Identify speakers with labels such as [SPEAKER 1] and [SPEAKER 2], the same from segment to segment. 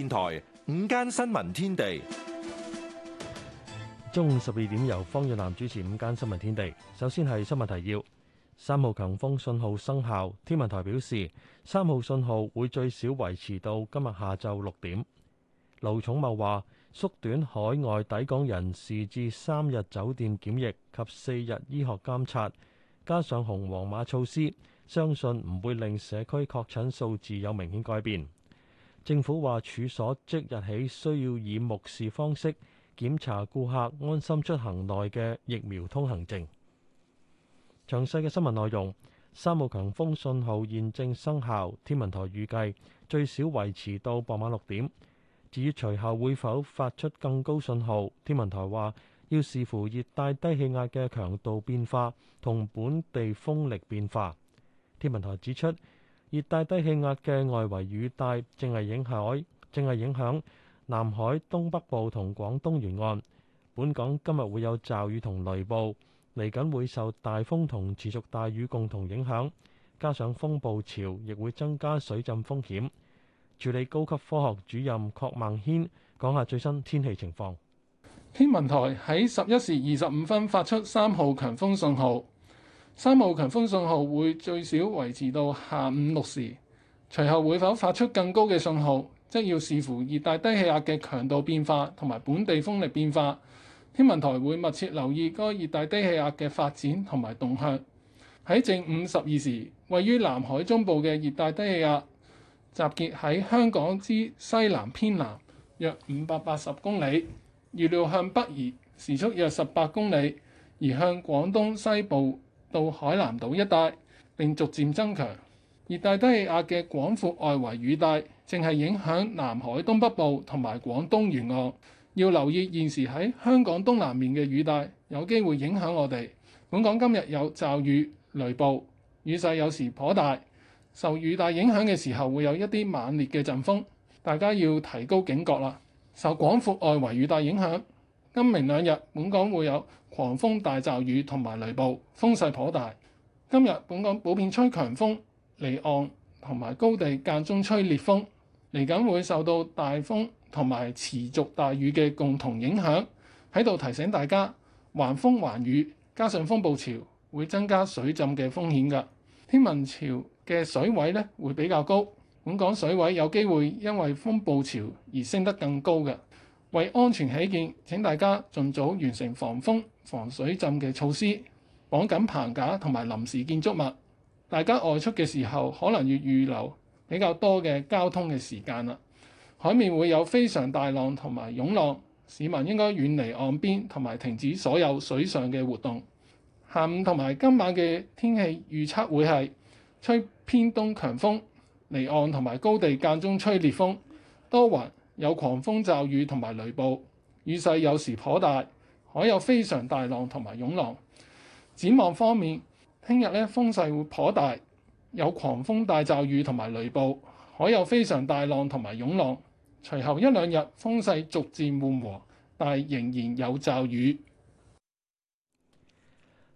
[SPEAKER 1] 電台午間新聞天地，中午十二點由方潤南主持午間新聞天地。首先係新聞提要：三號強風信號生效，天文台表示三號信號會最少維持到今日下晝六點。盧寵茂話：縮短海外抵港人士至三日酒店檢疫及四日醫學監察，加上紅黃碼措施，相信唔會令社區確診數字有明顯改變。政府話：處所即日起需要以目視方式檢查顧客安心出行內嘅疫苗通行證。詳細嘅新聞內容，三號強風信號現正生效。天文台預計最少維持到傍晚六點。至於隨後會否發出更高信號，天文台話要視乎熱帶低氣壓嘅強度變化同本地風力變化。天文台指出。熱帶低氣壓嘅外圍雨帶正係影響，正係影響南海東北部同廣東沿岸。本港今日會有驟雨同雷暴，嚟緊會受大風同持續大雨共同影響，加上風暴潮，亦會增加水浸風險。署理高級科學主任霍孟軒講下最新天氣情況。
[SPEAKER 2] 天文台喺十一時二十五分發出三號強風信號。三號強風信號會最少維持到下午六時，隨後會否發出更高嘅信號，則要視乎熱帶低氣壓嘅強度變化同埋本地風力變化。天文台會密切留意該熱帶低氣壓嘅發展同埋動向。喺正午十二時，位於南海中部嘅熱帶低氣壓集結喺香港之西南偏南約五百八十公里，預料向北移，時速約十八公里，而向廣東西部，到海南島一帶，並逐漸增強熱帶低氣壓嘅廣闊外圍雨帶，正係影響南海東北部同埋廣東沿岸。要留意現時喺香港東南面嘅雨帶，有機會影響我哋。本港今日有驟雨、雷暴，雨勢有時頗大，受雨帶影響嘅時候會有一啲猛烈嘅陣風，大家要提高警覺啦。受廣闊外圍雨帶影響，今明兩日，本港會有狂風大驟雨同埋雷暴，風勢頗大。今日本港普遍吹強風，離岸同埋高地間中吹烈風。嚟緊會受到大風同埋持續大雨嘅共同影響，喺度提醒大家，橫風橫雨加上風暴潮，會增加水浸嘅風險㗎。天文潮嘅水位咧會比較高，本港水位有機會因為風暴潮而升得更高嘅。為安全起見，請大家盡早完成防風、防水浸嘅措施，綁緊棚架同埋臨時建築物。大家外出嘅時候，可能要預留比較多嘅交通嘅時間啦。海面會有非常大浪同埋湧浪，市民應該遠離岸邊同埋停止所有水上嘅活動。下午同埋今晚嘅天氣預測會係吹偏東強風，離岸同埋高地間中吹烈風，多雲。有狂風驟雨同埋雷暴，雨勢有時頗大，可有非常大浪同埋湧浪。展望方面，聽日咧風勢會頗大，有狂風大驟雨同埋雷暴，可有非常大浪同埋湧浪。隨後一兩日風勢逐漸緩和，但仍然有驟雨。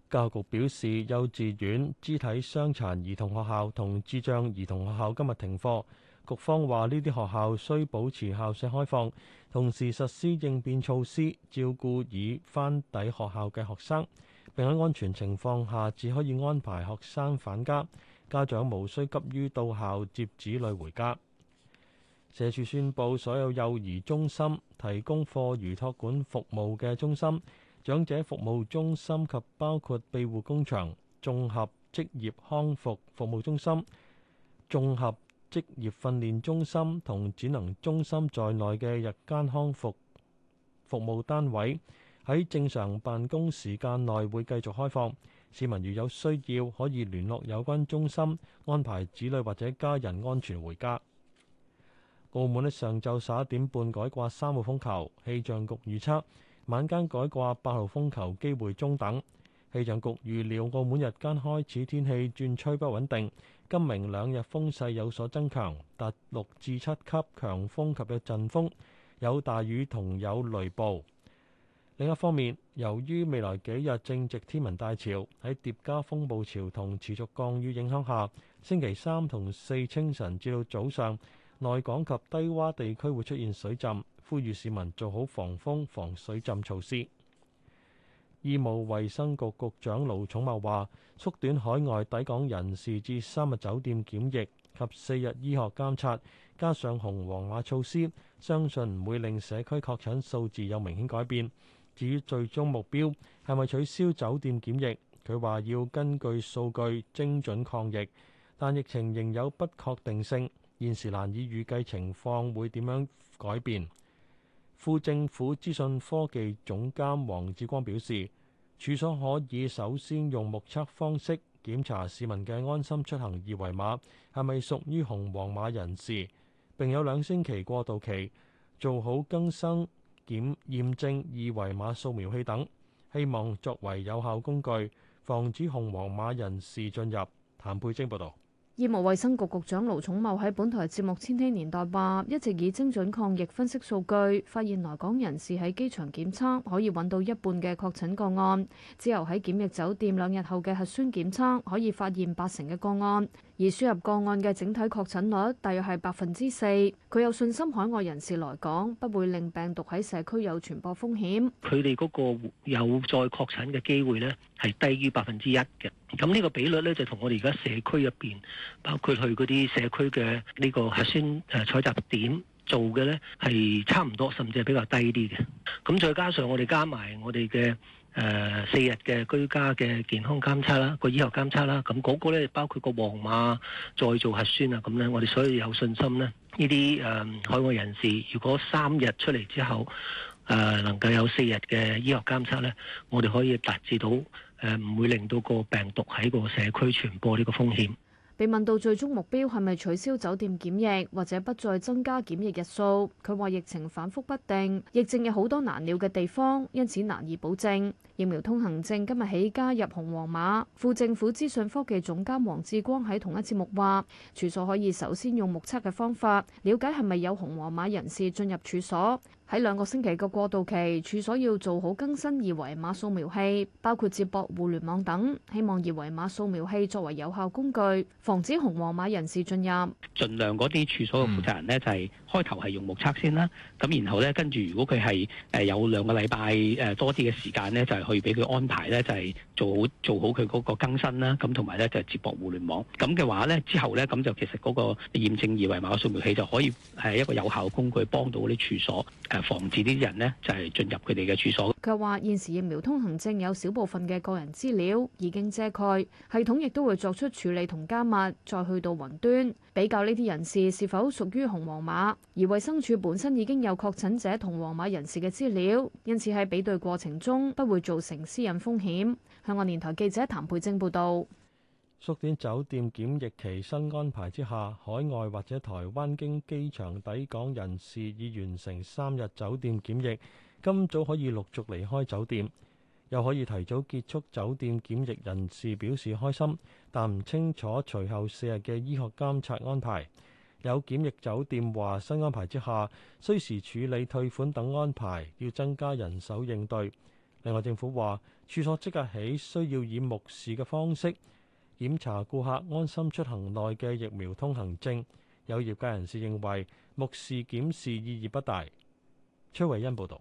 [SPEAKER 2] 教育局表示，幼
[SPEAKER 1] 稚園、肢體傷殘兒童學校同智障兒童學校今日停課。局方話：呢啲學校需保持校舍開放，同時實施應變措施，照顧已返抵學校嘅學生。並喺安全情況下，只可以安排學生返家，家長無需急於到校接子女回家。社署宣佈，所有幼兒中心、提供課餘託管服務嘅中心、長者服務中心及包括庇護工場、綜合職業康復服務中心、綜合。職業訓練中心同展能中心在內嘅日間康復服務單位，喺正常辦公時間內會繼續開放。市民如有需要，可以聯絡有關中心安排子女或者家人安全回家。澳門嘅上晝十一點半改掛三號風球，氣象局預測晚間改掛八號風球機會中等。氣象局預料，澳門日間開始天氣轉趨不穩定，今明兩日風勢有所增強，達六至七級強風及有陣風，有大雨同有雷暴。另一方面，由於未來幾日正值天文大潮，喺疊加風暴潮同持續降雨影響下，星期三同四清晨至到早上，內港及低窪地區會出現水浸，呼籲市民做好防風防水浸措施。醫務衛生局局長盧寵茂話：縮短海外抵港人士至三日酒店檢疫及四日醫學監察，加上紅黃碼措施，相信唔會令社區確診數字有明顯改變。至於最終目標係咪取消酒店檢疫，佢話要根據數據精準抗疫，但疫情仍有不確定性，現時難以預計情況會點樣改變。副政府資訊科技總監黃志光表示，處所可以首先用目測方式檢查市民嘅安心出行二維碼係咪屬於紅黃碼人士，並有兩星期過渡期，做好更新檢驗證二維碼掃描器等，希望作為有效工具，防止紅黃碼人士進入。譚佩晶報導。
[SPEAKER 3] 醫務衛生局局長盧寵茂喺本台節目《千禧年代》話，一直以精準抗疫分析數據，發現來港人士喺機場檢測可以揾到一半嘅確診個案，之後喺檢疫酒店兩日後嘅核酸檢測可以發現八成嘅個案，而輸入個案嘅整體確診率大約係百分之四。佢有信心海外人士來港不會令病毒喺社區有傳播風險。
[SPEAKER 4] 佢哋嗰個有再確診嘅機會呢係低於百分之一嘅。咁呢個比率呢，就同我哋而家社區入邊，包括去嗰啲社區嘅呢個核酸誒、呃、採集點做嘅呢，係差唔多，甚至係比較低啲嘅。咁、嗯、再加上我哋加埋我哋嘅誒四日嘅居家嘅健康監測啦，個醫學監測啦，咁、啊、嗰、嗰個咧包括個黃碼再做核酸啊，咁呢，我哋所以有信心呢，呢啲誒海外人士如果三日出嚟之後誒、呃、能夠有四日嘅醫學監測呢，我哋可以達至到。誒唔會令到個病毒喺個社區傳播呢個風險。
[SPEAKER 3] 被問到最終目標係咪取消酒店檢疫或者不再增加檢疫日數，佢話疫情反覆不定，疫症有好多難料嘅地方，因此難以保證。疫苗通行證今日起加入紅黃碼。副政府資訊科技總監黃志光喺同一節目話，處所可以首先用目測嘅方法了解係咪有紅黃碼人士進入處所。喺兩個星期嘅過渡期，處所要做好更新二維碼掃描器，包括接駁互聯網等。希望二維碼掃描器作為有效工具，防止紅黃碼人士進入。
[SPEAKER 4] 儘量嗰啲處所嘅
[SPEAKER 5] 負責人呢，就係開頭係用目測先啦。咁然後咧，跟住如果佢係誒有兩個禮
[SPEAKER 4] 拜誒多啲嘅時間咧，就係去俾佢安排咧，就係做好做好佢嗰個更新啦。咁同埋咧就係接駁互聯網。咁嘅話咧之後咧，咁就其實嗰個驗證二維碼嘅掃描器就可以係一個有效工具，幫到嗰啲處所。防止呢啲人呢就係、是、進入佢哋嘅住所。
[SPEAKER 3] 佢話現時疫苗通行證有少部分嘅個人資料已經遮蓋，系統亦都會作出處理同加密，再去到雲端比較呢啲人士是否屬於紅黃碼。而衛生署本身已經有確診者同黃碼人士嘅資料，因此喺比對過程中不會造成私隱風險，香港電台記者譚佩晶報道。
[SPEAKER 1] 縮短酒店檢疫期新安排之下，海外或者台灣經機場抵港人士已完成三日酒店檢疫，今早可以陸續離開酒店，又可以提早結束酒店檢疫。人士表示開心，但唔清楚隨後四日嘅醫學監察安排。有檢疫酒店話，新安排之下需時處理退款等安排，要增加人手應對。另外，政府話處所即日起需要以目視嘅方式。檢查顧客安心出行內嘅疫苗通行證，有業界人士認為目視檢視意義不大。崔慧欣報導。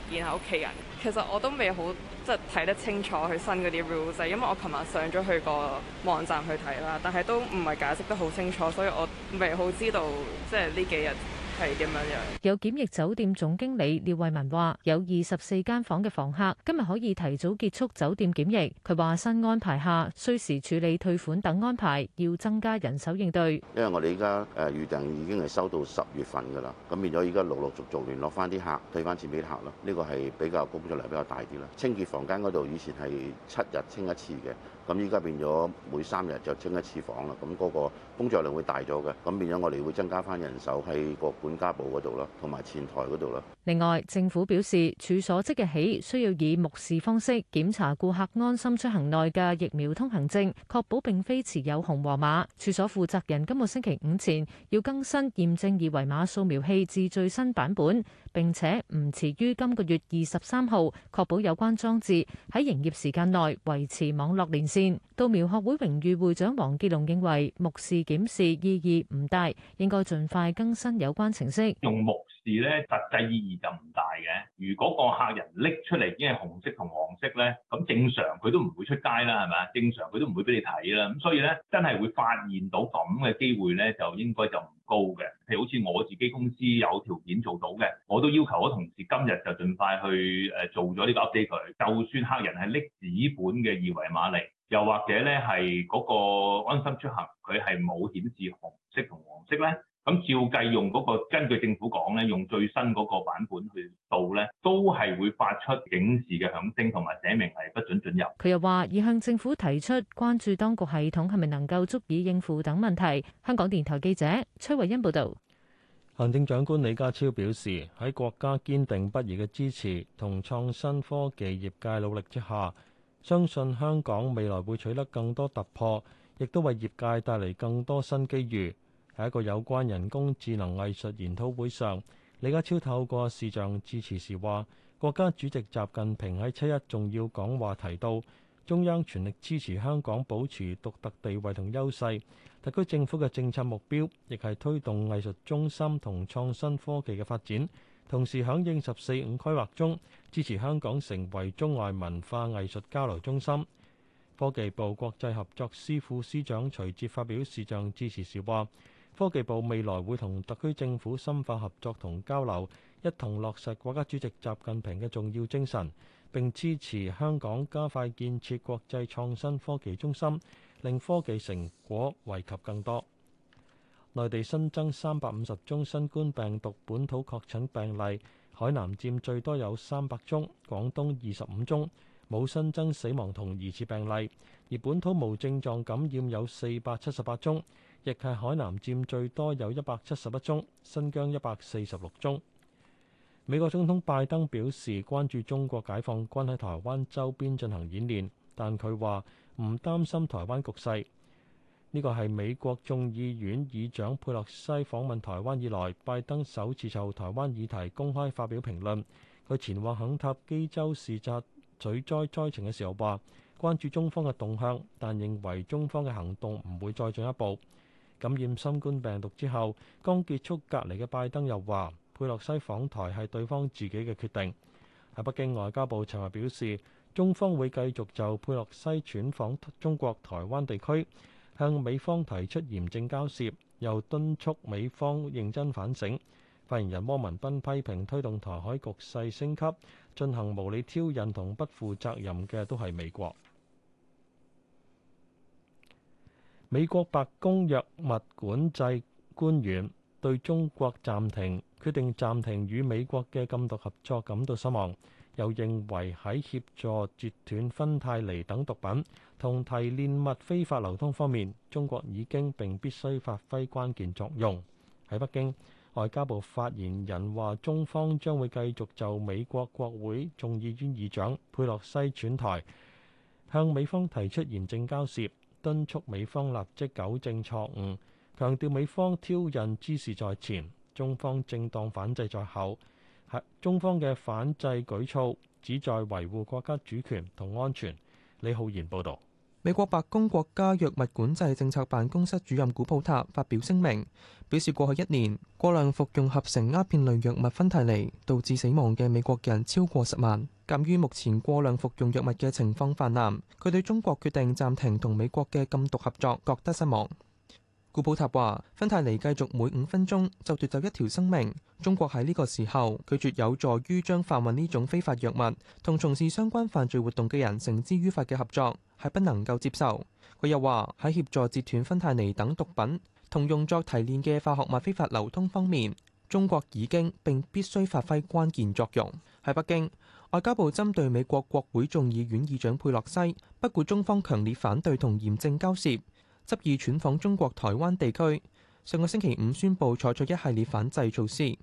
[SPEAKER 6] 見下屋企人，其實我都未好即係睇得清楚佢新嗰啲 rules，因為我琴日上咗去個網站去睇啦，但係都唔係解釋得好清楚，所以我未好知道即係呢幾日。
[SPEAKER 7] 有檢疫酒店總經理廖衛文話，有二十四間房嘅房客今日可以提早結束酒店檢疫。佢話新安排下，需時處理退款等安排，要增加人手應對。
[SPEAKER 8] 因為我哋而家誒預訂已經係收到十月份噶啦，咁變咗而家陸陸續續聯絡翻啲客，退翻錢俾客咯。呢個係比較工作量比較大啲啦。清潔房間嗰度以前係七日清一次嘅。咁依家變咗每三日就清一次房啦，咁嗰個工作量會大咗嘅，咁變咗我哋會增加翻人手喺個管家部嗰度咯，同埋前台嗰度啦。
[SPEAKER 7] 另外，政府表示，處所即日起需要以目視方式檢查顧客安心出行內嘅疫苗通行證，確保並非持有紅黃碼。處所負責人今個星期五前要更新驗證二維碼掃描器至最新版本，並且唔遲於今個月二十三號確保有關裝置喺營業時間內維持網絡連線。道苗學會榮譽會長黃傑龍認為，目視檢視意義唔大，應該盡快更新有關程式。用目
[SPEAKER 4] 視咧，實際意義就唔大嘅。如果個客人拎出嚟已經係紅色同黃色咧，咁正常佢都唔會出街啦，係咪啊？正常佢都唔會俾你睇啦。咁所以咧，真係會發現到咁嘅機會咧，就應該就唔高嘅。譬如好似我自己公司有條件做到嘅，我都要求我同事今日就盡快去誒做咗呢個 update 佢。就算客人係拎紙本嘅二維碼嚟，又或者呢，係嗰個安心出行，佢係冇顯示紅色同黃色呢，咁照計用嗰個，根據政府講咧，用最新嗰個版本去到呢，都係會發出警示嘅響聲同埋寫明係不准進入。
[SPEAKER 7] 佢又話已向政府提出關注，當局系統係咪能夠足以應付等問題，香港電台記者崔慧欣報道。
[SPEAKER 1] 行政長官李家超表示，喺國家堅定不移嘅支持同創新科技業界努力之下，相信香港未來會取得更多突破，亦都為業界帶嚟更多新機遇。喺一個有關人工智能藝術研討會上，李家超透過視像致辭時話，國家主席習近平喺七一重要講話提到，中央全力支持香港保持獨特地位同優勢，特區政府嘅政策目標亦係推動藝術中心同創新科技嘅發展。同時響應十四五規劃中支持香港成為中外文化藝術交流中心，科技部國際合作司副司長徐捷發表視像致詞時話：科技部未來會同特區政府深化合作同交流，一同落實國家主席習近平嘅重要精神，並支持香港加快建設國際創新科技中心，令科技成果惠及更多。內地新增三百五十宗新冠病毒本土確診病例，海南佔最多有三百宗，廣東二十五宗，冇新增死亡同疑似病例。而本土無症狀感染有四百七十八宗，亦係海南佔最多有一百七十一宗，新疆一百四十六宗。美國總統拜登表示關注中國解放軍喺台灣周邊進行演練，但佢話唔擔心台灣局勢。呢個係美國眾議院議長佩洛西訪問台灣以來，拜登首次就台灣議題公開發表評論。佢前往肯塔基州視察水災災情嘅時候，話關注中方嘅動向，但認為中方嘅行動唔會再進一步。感染新冠病毒之後，剛結束隔離嘅拜登又話，佩洛西訪台係對方自己嘅決定。喺北京外交部尋日表示，中方會繼續就佩洛西竄訪中國台灣地區。向美方提出嚴正交涉，又敦促美方認真反省。發言人汪文斌批評推動台海局勢升級、進行無理挑釁同不負責任嘅都係美國。美國白宮藥物管制官員對中國暫停，決定暫停與美國嘅禁毒合作感到失望。又認為喺協助截斷芬太尼等毒品同提煉物非法流通方面，中國已經並必須發揮關鍵作用。喺北京，外交部發言人話：中方將會繼續就美國國會眾議院議長佩洛西轉台，向美方提出嚴正交涉，敦促美方立即糾正錯誤，強調美方挑釁之事在前，中方正當反制在後。中方嘅反制舉措旨在維護國家主權同安全。李浩然報道。
[SPEAKER 5] 美國白宮國家藥物管制政策辦公室主任古普塔發表聲明，表示過去一年過量服用合成鴉片類藥物芬太尼導致死亡嘅美國人超過十萬，鑒於目前過量服用藥物嘅情況泛濫，佢對中國決定暫停同美國嘅禁毒合作覺得失望。古普塔話：芬太尼繼續每五分鐘就奪走一條生命。中國喺呢個時候拒絕有助於將販運呢種非法藥物同從事相關犯罪活動嘅人繩之於法嘅合作，係不能夠接受。佢又話：喺協助截斷，斷芬太尼等毒品同用作提煉嘅化學物非法流通方面，中國已經並必須發揮關鍵作用。喺北京，外交部針對美國國會眾議院議長佩洛西不顧中方強烈反對同嚴正交涉。執意串訪中國台灣地區，上個星期五宣布採取一系列反制措施，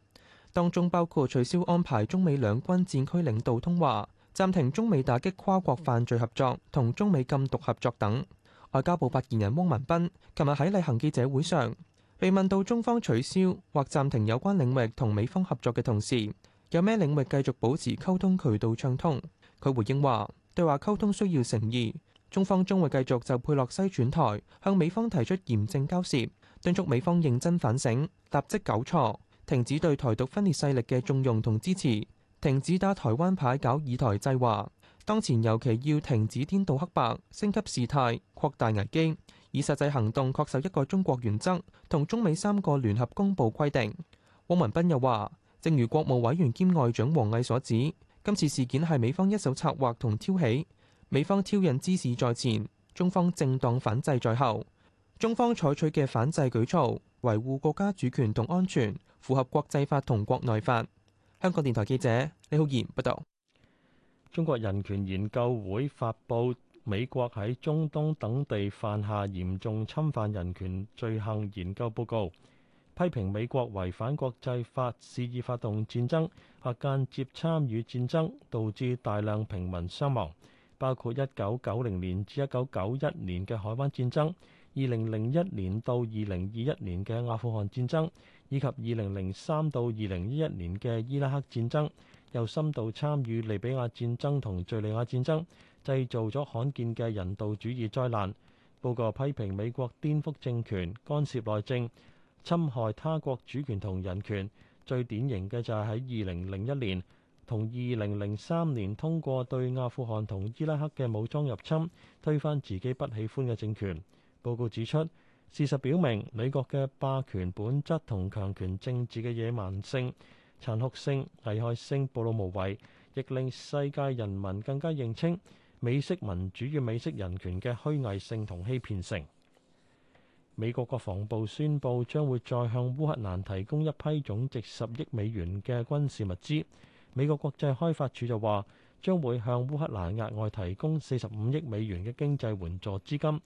[SPEAKER 5] 當中包括取消安排中美兩軍戰區領導通話、暫停中美打擊跨國犯罪合作同中美禁毒合作等。外交部發言人汪文斌琴日喺例行記者會上被問到中方取消或暫停有關領域同美方合作嘅同時，有咩領域繼續保持溝通渠道暢通？佢回應話：對話溝通需要誠意。中方將會繼續就佩洛西轉台向美方提出嚴正交涉，敦促美方認真反省，立即糾錯，停止對台獨分裂勢力嘅縱容同支持，停止打台灣牌，搞以台制華。當前尤其要停止顛倒黑白、升級事態、擴大危機，以實際行動確守一個中國原則同中美三個聯合公佈規定。汪文斌又話，正如國務委員兼外長王毅所指，今次事件係美方一手策劃同挑起。美方挑釁滋事在前，中方正當反制在後，中方採取嘅反制舉措，維護國家主權同安全，
[SPEAKER 1] 符合國際法同國內法。香港電台記者李浩然報道。中國人權研究會發佈《美國喺中東等地犯下嚴重侵犯人權罪行研究報告》，批評美國違反國際法，肆意發動戰爭，或間接參與戰爭，導致大量平民傷亡。包括一九九零年至一九九一年嘅海灣戰爭，二零零一年到二零二一年嘅阿富汗戰爭，以及二零零三到二零一一年嘅伊拉克戰爭，又深度參與利比亞戰爭同敘利亞戰爭，製造咗罕見嘅人道主義災難。報告批評美國顛覆政權、干涉內政、侵害他國主權同人權。最典型嘅就係喺二零零一年。同二零零三年通過對阿富汗同伊拉克嘅武裝入侵，推翻自己不喜歡嘅政權。報告指出，事實表明美國嘅霸權本質同強權政治嘅野蠻性、殘酷性、危害性暴露無遺，亦令世界人民更加認清美式民主與美式人權嘅虛偽性同欺騙性。美國國防部宣布將會再向烏克蘭提供一批總值十億美元嘅軍事物資。美國國際開發署就話將會向烏克蘭額外提供四十五億美元嘅經濟援助資金。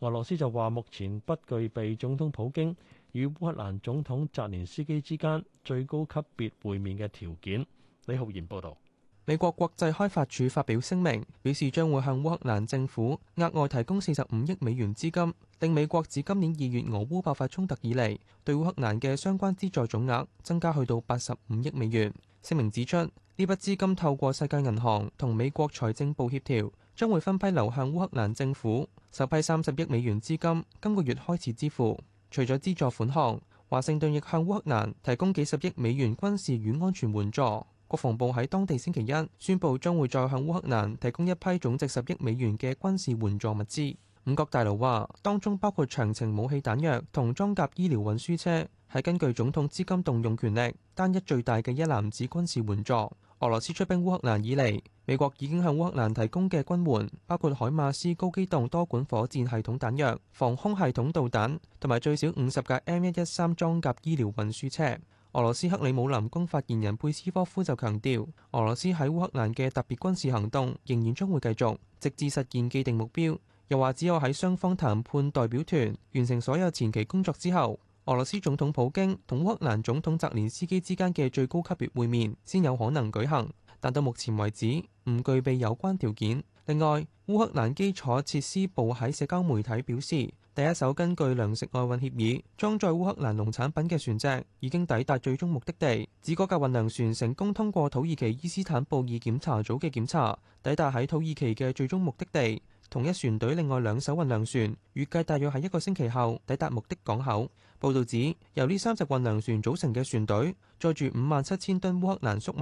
[SPEAKER 1] 俄羅斯就話目前不具備總統普京與烏克蘭總統澤連斯基之間最高級別會面嘅條件。李浩然報導，美國國際
[SPEAKER 5] 開發署發表聲明表示，將會向烏克蘭政府額外提供四十五億美元資金，令美國自今年二月俄烏爆發衝突以嚟對烏克蘭嘅相關資助總額增加去到八十五億美元。聲明指出，呢筆資金透過世界銀行同美國財政部協調，將會分批流向烏克蘭政府。首批三十億美元資金今個月開始支付。除咗資助款項，華盛頓亦向烏克蘭提供幾十億美元軍事與安全援助。國防部喺當地星期一宣布，將會再向烏克蘭提供一批總值十億美元嘅軍事援助物資。五角大樓話，當中包括長程武器彈藥同裝甲醫療運輸車，係根據總統資金動用權力，單一最大嘅一攬子軍事援助。俄羅斯出兵烏克蘭以嚟，美國已經向烏克蘭提供嘅軍援包括海馬斯高機動多管火箭系統彈藥、防空系統導彈同埋最少五十架 M 一一三裝甲醫療運輸車。俄羅斯克里姆林宮發言人佩斯科夫就強調，俄羅斯喺烏克蘭嘅特別軍事行動仍然將會繼續，直至實現既定目標。又話只有喺雙方談判代表團完成所有前期工作之後，俄羅斯總統普京同烏克蘭總統澤連斯基之間嘅最高級別會面先有可能舉行，但到目前為止唔具備有關條件。另外，烏克蘭基礎設施部喺社交媒體表示，第一艘根據糧食外運協議裝載烏克蘭農產品嘅船隻已經抵達最終目的地。指嗰架運糧船成功通過土耳其伊斯坦布爾檢查組嘅檢查，抵達喺土耳其嘅最終目的地。同一船隊另外兩艘運糧船預計大約喺一個星期後抵達目的港口。報導指，由呢三隻運糧船組成嘅船隊載住五萬七千噸烏克蘭粟米，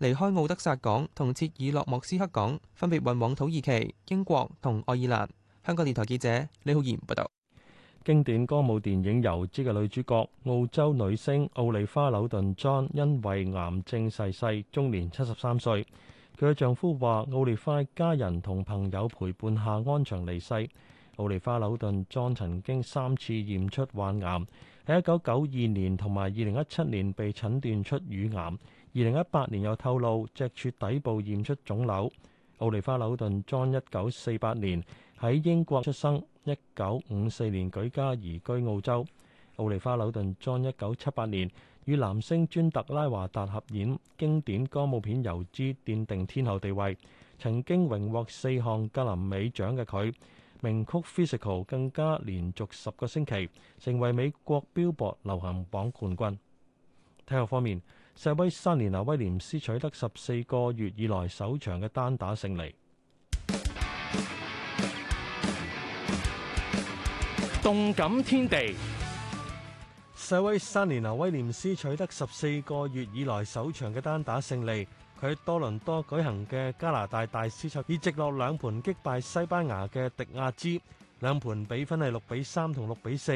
[SPEAKER 5] 離開奧德薩港同切爾諾莫斯克港，分別運往土耳其、英國同愛爾蘭。香港電台記者李浩
[SPEAKER 1] 然報道：經典歌舞電影《油脂》嘅女主角澳洲女星奧利花紐頓莊，因為癌症逝世，終年七十三歲。佢嘅丈夫話，奧利花家人同朋友陪伴下安詳離世。奧利花紐頓莊曾經三次驗出患癌，喺一九九二年同埋二零一七年被診斷出乳癌，二零一八年又透露脊柱底部驗出腫瘤。奧利花紐頓莊一九四八年喺英國出生，一九五四年舉家移居澳洲。奧莉花紐頓莊一九七八年與男星尊特拉華達合演經典歌舞片《油脂》，奠定天后地位。曾經榮獲四項格林美獎嘅佢，名曲《Physical》更加連續十個星期成為美國 Billboard 流行榜冠軍。體育方面，世威三年，阿威廉斯取得十四個月以來首場嘅單打勝利。動感天地，細威莎蓮娜威廉斯取得十四個月以來首場嘅單打勝利。佢喺多倫多舉行嘅加拿大大師賽，以直落兩盤擊敗西班牙嘅迪亞茲。兩盤比分係六比三同六比四。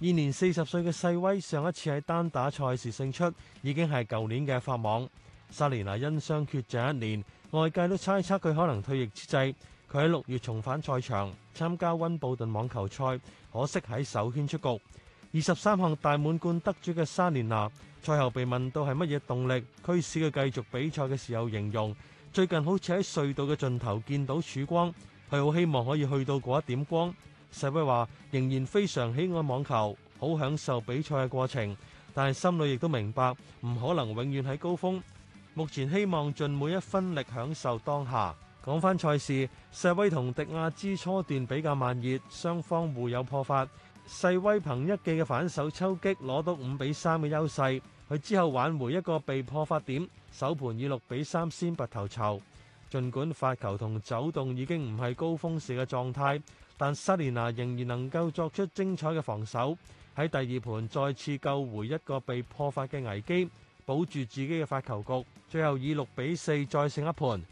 [SPEAKER 1] 現年四十歲嘅細威上一次喺單打賽事勝出，已經係舊年嘅法網。莎蓮娜因傷缺陣一年，外界都猜測佢可能退役之際。佢喺六月重返賽場，參加溫布頓網球賽，可惜喺首圈出局。二十三項大滿貫得主嘅沙蓮娜賽後被問到係乜嘢動力驅使佢繼續比賽嘅時候，形容最近好似喺隧道嘅盡頭見到曙光，佢好希望可以去到嗰一點光。世威話仍然非常喜愛網球，好享受比賽嘅過程，但係心裏亦都明白唔可能永遠喺高峰。目前希望盡每一分力享受當下。講翻賽事，細威同迪亞茲初段比較慢熱，雙方互有破發。細威憑一記嘅反手抽擊攞到五比三嘅優勢，佢之後挽回一個被破發點，首盤以六比三先拔頭籌。儘管發球同走動已經唔係高峰時嘅狀態，但莎蓮娜仍然能夠作出精彩嘅防守，喺第二盤再次救回一個被破發嘅危機，保住自己嘅發球局，最後以六比四再勝一盤。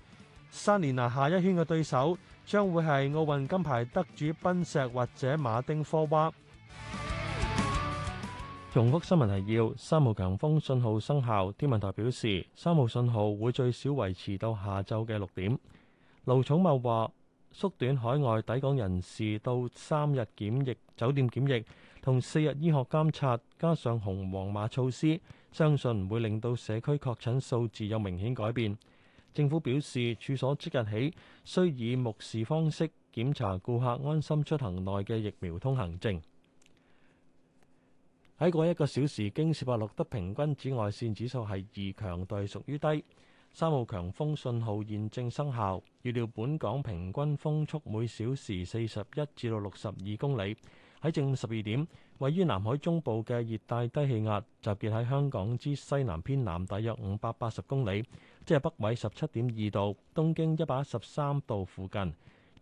[SPEAKER 1] 山田拿下一圈嘅對手將會係奧運金牌得主賓石或者馬丁科娃。重複新聞提要，三號強風信號生效，天文台表示三號信號會最少維持到下晝嘅六點。盧寵茂話縮短海外抵港人士到三日檢疫酒店檢疫同四日醫學監察，加上紅黃碼措施，相信唔會令到社區確診數字有明顯改變。政府表示，處所即日起需以目視方式檢查顧客安心出行內嘅疫苗通行證。喺過一個小時，京士柏錄得，平均紫外線指數係二，強度屬於低。三號強風信號現正生效。預料本港平均風速每小時四十一至到六十二公里。喺正午十二點，位於南海中部嘅熱帶低氣壓，集結喺香港之西南偏南大約五百八十公里。即係北緯十七點二度，東經一百一十三度附近，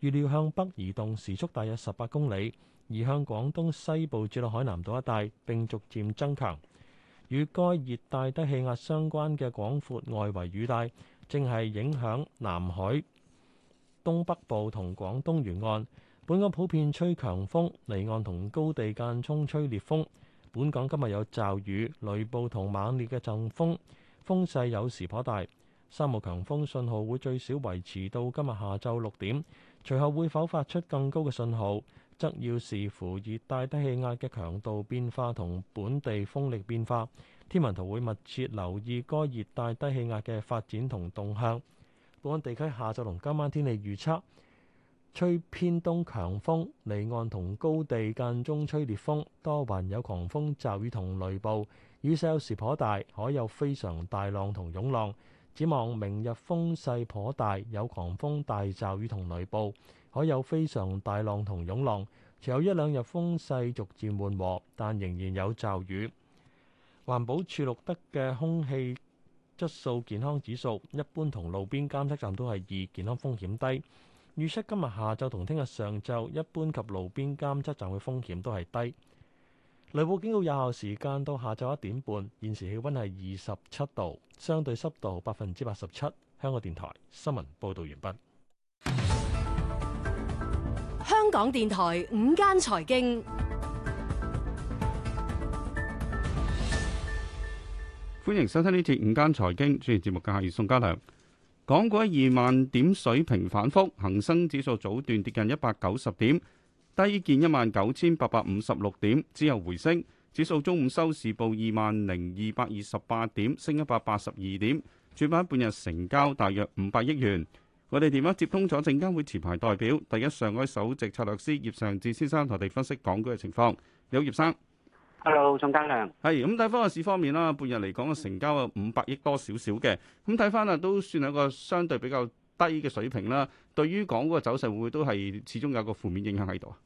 [SPEAKER 1] 預料向北移動時速大約十八公里，移向廣東西部至到海南島一帶，並逐漸增強。與該熱帶低氣壓相關嘅廣闊外圍雨帶，正係影響南海東北部同廣東沿岸。本港普遍吹強風，離岸同高地間中吹烈風。本港今日有驟雨、雷暴同猛烈嘅陣風，風勢有時頗大。三號強風信號會最少維持到今日下晝六點，隨後會否發出更高嘅信號，則要視乎熱帶低氣壓嘅強度變化同本地風力變化。天文台會密切留意該熱帶低氣壓嘅發展同動向。本港地區下晝同今晚天氣預測吹偏東強風，離岸同高地間中吹烈風，多雲有狂風驟雨同雷暴，雨勢有時頗大，海有非常大浪同湧浪。展望明日風勢頗大，有狂風、大驟雨同雷暴，可有非常大浪同湧浪。隨後一兩日風勢逐漸緩和，但仍然有驟雨。環保署錄得嘅空氣質素健康指數一般，同路邊監測站都係二，健康風險低。預測今日下晝同聽日上晝，一般及路邊監測站嘅風險都係低。雷暴警告有效時間到下晝一點半。現時氣溫係二十七度，相對濕度百分之八十七。香港電台新聞報道完畢。
[SPEAKER 7] 香港電台五間財經，
[SPEAKER 8] 歡迎收聽呢次五間財經主持節目嘅係宋家良。港股喺二萬點水平反覆，恒生指數早段跌近一百九十點。低見一萬九千八百五十六點之後回升，指數中午收市報二萬零二百二十八點，升一百八十二點，主板半日成交大約五百億元。我哋電話接通咗證監會持牌代表、第一上海首席策略師葉尚志先生，同我哋分析港股嘅情況。你好，葉生。
[SPEAKER 4] Hello，宋嘉良。
[SPEAKER 8] 係咁，睇翻個市方面啦，半日嚟講嘅成交啊，五百億多少少嘅，咁睇翻啊，都算係一個相對比較低嘅水平啦。對於港股嘅走勢，會唔會都係始終有個負面影響喺度啊？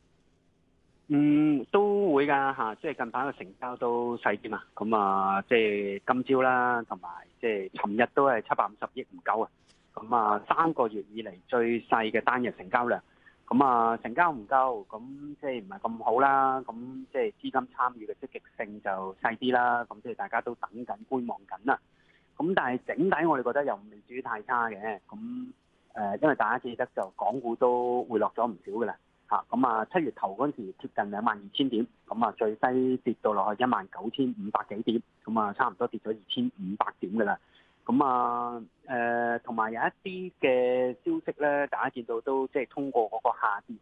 [SPEAKER 4] 嗯，都會㗎嚇，即係近排個成交都細啲嘛，咁啊，即係今朝啦，同埋即係尋日都係七百五十億唔夠啊，咁啊，三個月以嚟最細嘅單日成交量，咁啊，成交唔夠，咁即係唔係咁好啦，咁即係資金參與嘅積極性就細啲啦，咁即係大家都等緊觀望緊啦，咁但係整體我哋覺得又唔至於太差嘅，咁誒，因為大家記得就港股都回落咗唔少㗎啦。啊，咁啊、嗯，七月頭嗰陣時接近兩萬二千點，咁啊最低跌到落去一萬九千五百幾點，咁啊差唔多跌咗二千五百點嘅啦。咁、嗯、啊，誒同埋有一啲嘅消息咧，大家見到都即係通過嗰個下跌，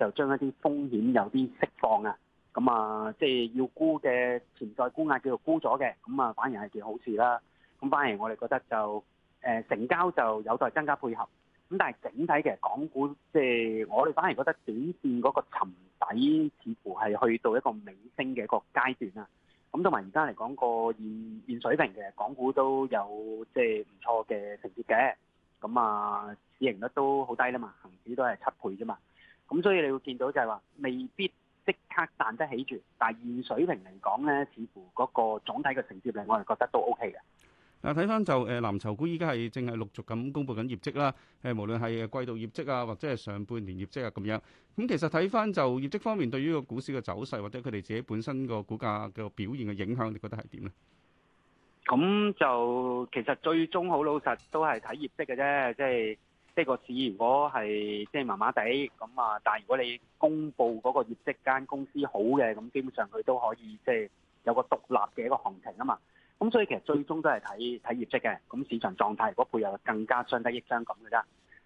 [SPEAKER 4] 就將一啲風險有啲釋放啊。咁、嗯、啊，即、就、係、是、要沽嘅潛在沽壓叫做沽咗嘅，咁、嗯、啊反而係件好事啦。咁反而我哋覺得就誒、呃、成交就有待增加配合。咁但係整體其實港股，即係我哋反而覺得短線嗰個沉底似乎係去到一個尾聲嘅一個階段啦。咁同埋而家嚟講個現現水平嘅港股都有即係唔錯嘅成績嘅。咁啊市盈率都好低啦嘛，恒指都係七倍啫嘛。咁所以你會見到就係話未必即刻彈得起住，但係現水平嚟講咧，似乎嗰個總體嘅成績咧，我係覺得都 OK 嘅。
[SPEAKER 8] 啊！睇翻就誒藍籌股依家係正係陸續咁公布緊業績啦。誒，無論係季度業績啊，或者係上半年業績啊，咁樣。咁其實睇翻就業績方面，對於個股市嘅走勢或者佢哋自己本身個股價嘅表現嘅影響，你覺得係點咧？
[SPEAKER 4] 咁就其實最終好老實都係睇業績嘅啫。即係即係個市如果係即係麻麻地咁啊，但係如果你公布嗰個業績間公司好嘅，咁基本上佢都可以即係有個獨立嘅一個行情啊嘛。咁所以其實最終都係睇睇業績嘅，咁市場狀態如果配合更加相得益彰咁嘅啫。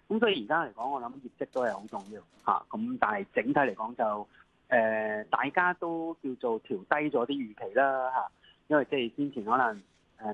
[SPEAKER 4] 咁所以而家嚟講，我諗業績都係好重要嚇。咁、啊、但係整體嚟講就誒、呃，大家都叫做調低咗啲預期啦嚇、啊。因為即係先前可能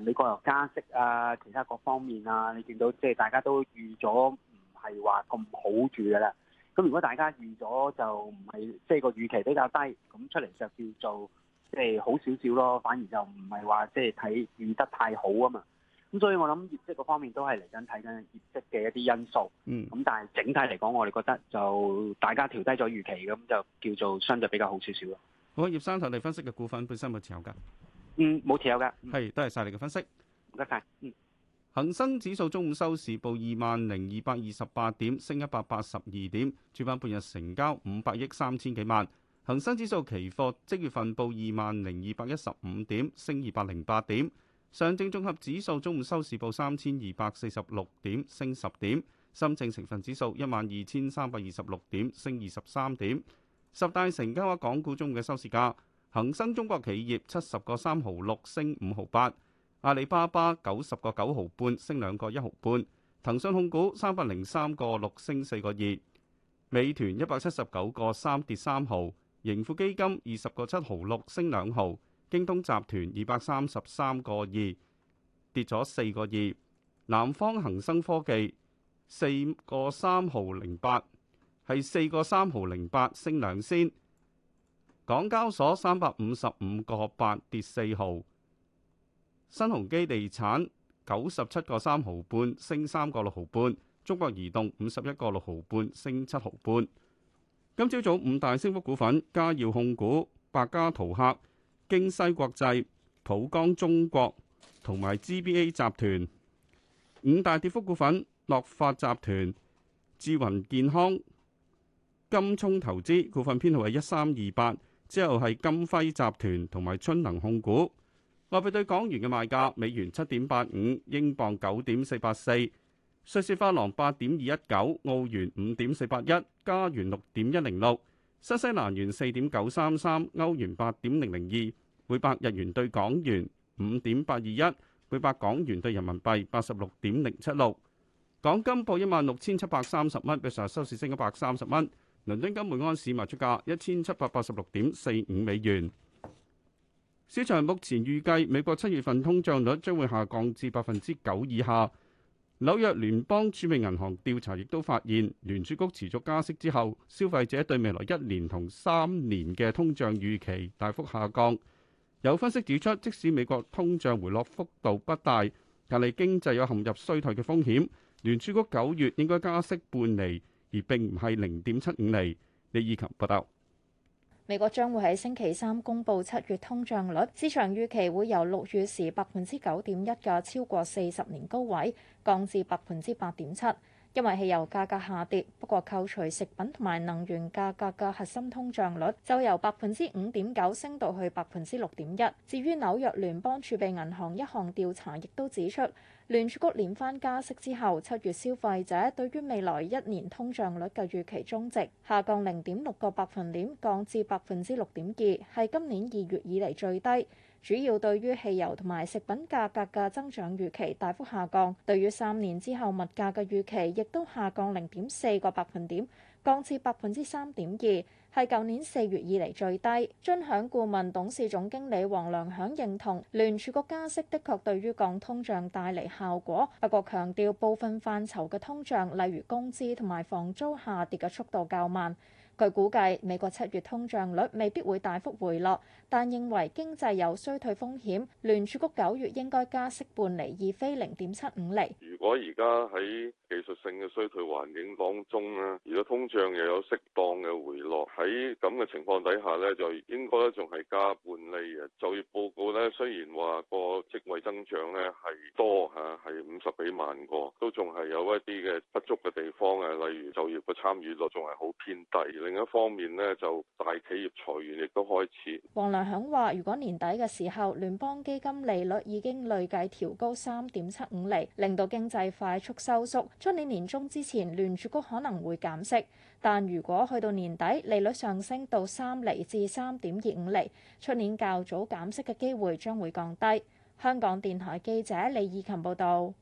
[SPEAKER 4] 誒美國又加息啊，其他各方面啊，你見到即係大家都預咗唔係話咁好住嘅啦。咁如果大家預咗就唔係即係個預期比較低，咁出嚟就叫做。即係好少少咯，反而就唔係話即係睇預得太好啊嘛。咁所以我諗業績嗰方面都係嚟緊睇緊業績嘅一啲因素，嗯。咁但係整體嚟講，我哋覺得就大家調低咗預期，咁就叫做相對比較好少少
[SPEAKER 8] 咯。好，葉生同你分析嘅股份本身有冇持有噶、嗯？
[SPEAKER 4] 嗯，冇持有噶。
[SPEAKER 8] 係，多謝晒你嘅分析，唔該晒。嗯。恆生指數中午收市報二萬零二百二十八點，升一百八十二點，主板半日成交五百億三千幾萬。恒生指數期貨即月份報二萬零二百一十五點，升二百零八點。上證綜合指數中午收市報三千二百四十六點，升十點。深證成分指數一萬二千三百二十六點，升二十三點。十大成交額港股中午嘅收市價，恒生中國企業七十個三毫六升五毫八，阿里巴巴九十個九毫半升兩個一毫半，騰訊控股三百零三個六升四個二，美團一百七十九個三跌三毫。盈富基金二十個七毫六升兩毫，京東集團二百三十三個二跌咗四個二，南方恒生科技四個三毫零八，係四個三毫零八升兩先，港交所三百五十五個八跌四毫，新鴻基地產九十七個三毫半升三個六毫半，中國移動五十一個六毫半升七毫半。今朝早五大升幅股份：嘉耀控股、百家淘客、京西國際、浦江中國同埋 GBA 集團。五大跌幅股份：樂發集團、智雲健康、金冲投資股份編號係一三二八。之後係金輝集團同埋春能控股。外幣對港元嘅賣價：美元七點八五，英鎊九點四八四，瑞士法郎八點二一九，澳元五點四八一。加元六點一零六，新西蘭元四點九三三，歐元八點零零二，每百日元對港元五點八二一，每百港元對人民幣八十六點零七六。港金報一萬六千七百三十蚊，比上日收市升一百三十蚊。倫敦金每盎司賣出價一千七百八十六點四五美元。市場目前預計美國七月份通脹率將會下降至百分之九以下。紐約聯邦儲備銀行調查亦都發現，聯儲局持續加息之後，消費者對未來一年同三年嘅通脹預期大幅下降。有分析指出，即使美國通脹回落幅度不大，但係經濟有陷入衰退嘅風險。聯儲局九月應該加息半厘，而並唔係零點七五厘。李以琴報道。
[SPEAKER 6] 美國將會喺星期三公佈七月通脹率，市場預期會由六月時百分之九點一嘅超過四十年高位，降至百分之八點七。因為汽油價格下跌，不過扣除食品同埋能源價格嘅核心通脹率就由百分之五點九升到去百分之六點一。至於紐約聯邦儲備銀行一項調查亦都指出，聯儲局連番加息之後，七月消費者對於未來一年通脹率嘅預期中值下降零點六個百分點，降至百分之六點二，係今年二月以嚟最低。主要對於汽油同埋食品價格嘅增長預期大幅下降，對於三年之後物價嘅預期亦都下降零點四個百分點，降至百分之三點二，係舊年四月以嚟最低。樽享顧問董事總經理黃良響認同聯儲局加息的確對於降通脹帶嚟效果，不過強調部分範疇嘅通脹，例如工資同埋房租下跌嘅速度較慢。據估計，美國七月通脹率未必會大幅回落，但認為經濟有衰退風險，聯儲局九月應該加息半厘，而非零點七五厘。如
[SPEAKER 9] 果而家喺技術性嘅衰退環境當中呢，如果通脹又有適當嘅回落，喺咁嘅情況底下呢，就應該仲係加半厘。就業報告呢，雖然話個職位增長呢係多吓，係五十幾萬個，都仲係有一啲嘅不足嘅地方嘅，例如就業嘅參與率仲係好偏低。另一方面呢，就大企業裁
[SPEAKER 2] 員亦都開始。
[SPEAKER 6] 黃良響話，如果年底嘅時候聯邦基金利率已經累計調高三點七五釐，令到經濟快速收縮，出年年中之前聯儲局可能會減息。但如果去到年底利率上升到三釐至三點二五釐，出年較早減息嘅機會將會降低。香港電台記者李義琴報導。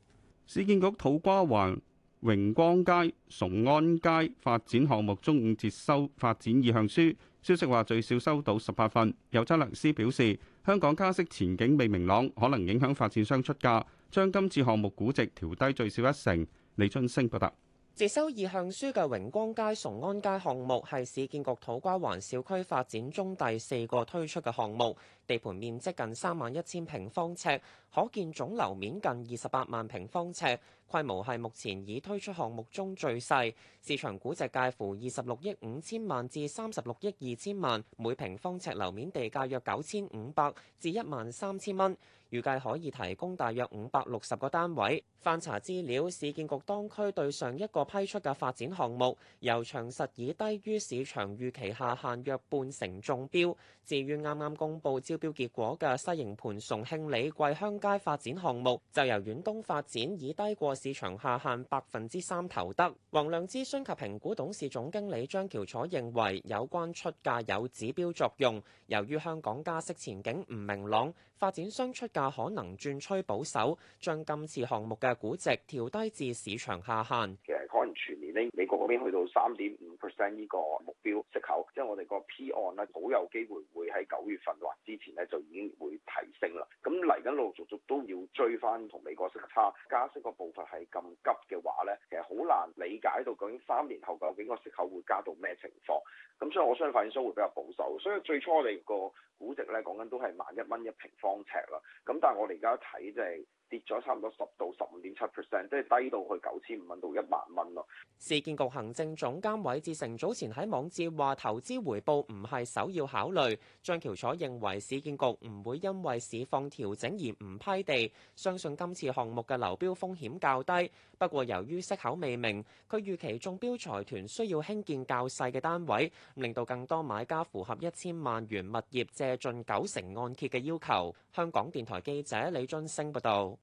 [SPEAKER 8] 市建局土瓜灣榮光街崇安街發展項目中午接收發展意向書，消息話最少收到十八份。有測量師表示，香港加息前景未明朗，可能影響發展商出價，將今次項目估值調低最少一成。李津升報道。
[SPEAKER 9] 接收意向書嘅榮光街崇安街項目係市建局土瓜灣小區發展中第四個推出嘅項目，地盤面積近三萬一千平方尺，可建總樓面近二十八萬平方尺。規模係目前已推出項目中最細，市場估值介乎二十六億五千萬至三十六億二千萬，每平方尺樓面地價約九千五百至一萬三千蚊。預計可以提供大約五百六十個單位。翻查資料，市建局當區對上一個批出嘅發展項目，由長實以低於市場預期下限約半成中標，至於啱啱公布招標結果嘅西營盤崇慶里桂香街發展項目，就由遠東發展以低過市場下限百分之三投得。王亮諮詢及評估董事總經理張喬楚認為，有關出價有指標作用，由於香港加息前景唔明朗，發展商出價。可能轉趨保守，將今次項目嘅估值調低至市場下限。
[SPEAKER 4] 全年呢，美國嗰邊去到三點五 percent 依個目標息口，即係我哋個 P 案咧，好有機會會喺九月份或之前咧，就已經會提升啦。咁嚟緊陸陸續續都要追翻同美國息差，加息個步伐係咁急嘅話咧，其實好難理解到究竟三年後究竟個息口會加到咩情況。咁所以我相信發展商會比較保守，所以最初我哋個估值咧講緊都係萬一蚊一平方尺啦。咁但係我哋而家睇即係。跌咗差唔多十到十五點七 percent，即係低到去九千五蚊到一萬蚊咯。
[SPEAKER 9] 市建局行政總監韋志成早前喺網誌話，投資回報唔係首要考慮。張橋楚認為市建局唔會因為市況調整而唔批地，相信今次項目嘅流標風險較低。不過由於息口未明，佢預期中標財團需要興建較細嘅單位，令到更多買家符合一千萬元物業借進九成按揭嘅要求。香港電台記者李津升報導。